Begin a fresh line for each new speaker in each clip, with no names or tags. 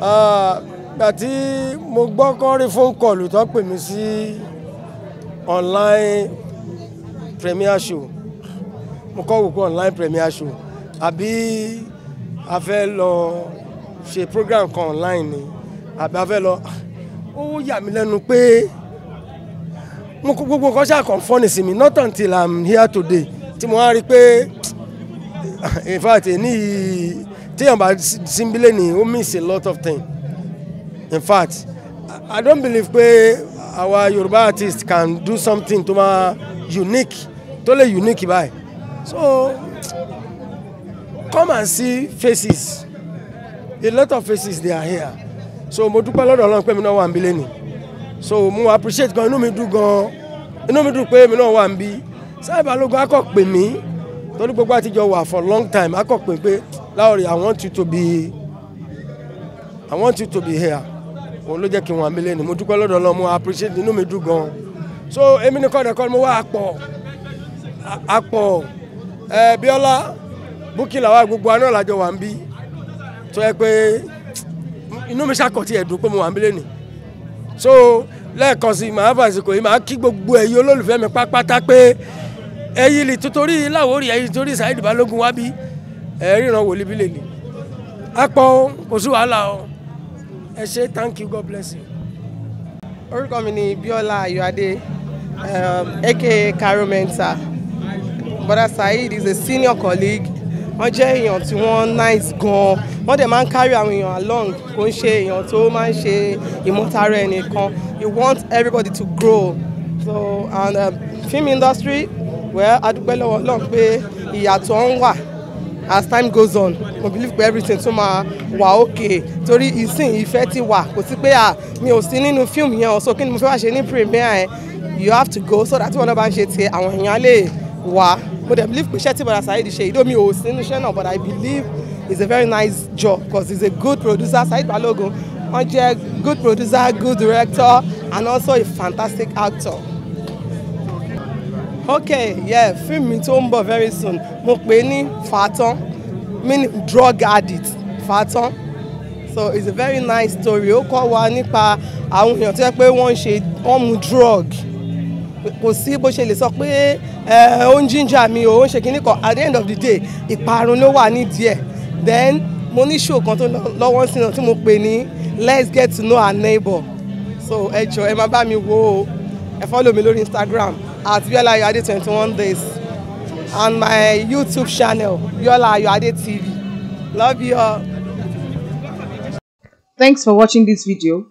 gbà ah, tí mo gbọ́ kọ́ rí fóun kọlù tó pè mí sí online premier show mo kọ́ wò pé online premier show àbí a fẹ́ lọ ṣe program kan online ni àbí a fẹ́ lọ ó yà mí lẹ́nu pé mo kó gbogbo nǹkan ṣáà kàn fọ́nì sí mi not until i'm here today tí mo wá rí i pé in fact èyí téèyàn bá síbílẹ̀ ni ó a lot of things in fact I don't believe pé our Yoruba artists can do something to máa unique totally unique báyìí so come and see faces a lot of faces they are here so mo dúpẹ́ lọ́dọ̀ Ọlọ́run pé mi náà wà níbí lẹ́nu so mo appreciate gan inú mi dùn gan inú mi dùn pé mi náà wà níbí Saheed Balogun akọ̀ pè mí torí gbogbo àtijọ́ wà for long time akọ̀ pè pé. Lowry, I want you to be I want you to be here òun ló jẹ́ kí n wà mí mo dúpẹ́ lọ́dọ̀ Ọlọ́run mo appreciate inú mi dùn gan so èmi ní kọ́ni ẹ̀kọ́ ni mo wá àpọ̀ àpọ̀ ẹ Bíọ́lá Bukky làwa gbogbo aná làjọ wà ń bí tó yẹ pé inú mi ṣàkọ̀tì ẹ̀dùn pé mo wà ń bí lẹ́nu so lẹ́ẹ̀kan sí màá fàṣìkò yìí màá kí gbogbo ẹ̀yin olólùfẹ́ mi pápátá pé ẹ̀yin lè tutori láwòrì ẹ̀yin torí Saheed Balogun wá bí ẹ ríran wòlíì bí lè ní a pọ̀ o kò sí wàhálà o ẹ ṣe thank you god bless you. orúkọ mi ni
Bíọ́lá Ayọ̀adé um, aka Caro Mentor brother Saheed is a senior colleague wọ́n jẹ́ èèyàn tí wọ́n nice gan-an wọ́n dẹ̀ máa ń carry àwọn èèyàn along kò ń ṣe èèyàn tó máa ń ṣe ìmọ̀tara ẹnìkan he wants everybody to grow so and um, film industry well adúpẹ́ lọ́wọ́ Ọlọ́run pé ìyàtọ̀ ń wà as time goes on mo believe pé everything tún máa wà okay torí ìsìn ìfẹ́ ti wà kò sí pé à ah, mi ò sí nínú fíìmù yẹn o so kí ni mo fẹ́ wá ṣe ní premiere yẹn you have to go so that tí wọn náà bá ń ṣe tiẹ̀ àwọn èèyàn á lè wá mo dẹ̀ believe pé iṣẹ́ tí bọ̀dà Saheed ṣe ìdó mi ò sí nínú iṣẹ́ náà but I believe it's a very nice job because he's a good producer Saheed Balogun wọ́n jẹ́ good producer good director and also a fantastic actor. Okay, yeah film mi tó ń bọ̀ very soon mo pè ní Fatan meaning drug addict Fatan so it's a very nice story ó kọ́ wa nípa àwọn èèyàn tó yẹ pé wọ́n ń ṣe wọ́n mu drug kò sí bó ṣe lè sọ pé ó ń jíjà mi ò ń ṣe kíní kan at the end of the day ìparun ló wà nídìí ẹ̀ then mo ní show kan tó lọ́wọ́ sínú tí mo pè ní let's get to know our neighbor so ẹ jọ ẹ máa bá mi wò ó ẹ follow mi lórí Instagram at Biola Ayoade 21 days and my YouTube channel, Biola Ayoade TV. Love you all. Thanks for watching this video.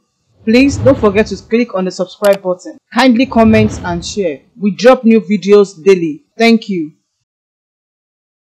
Please don't forget to click on the subscribe
button. Kindly comment and share. We drop new videos daily. Thank you.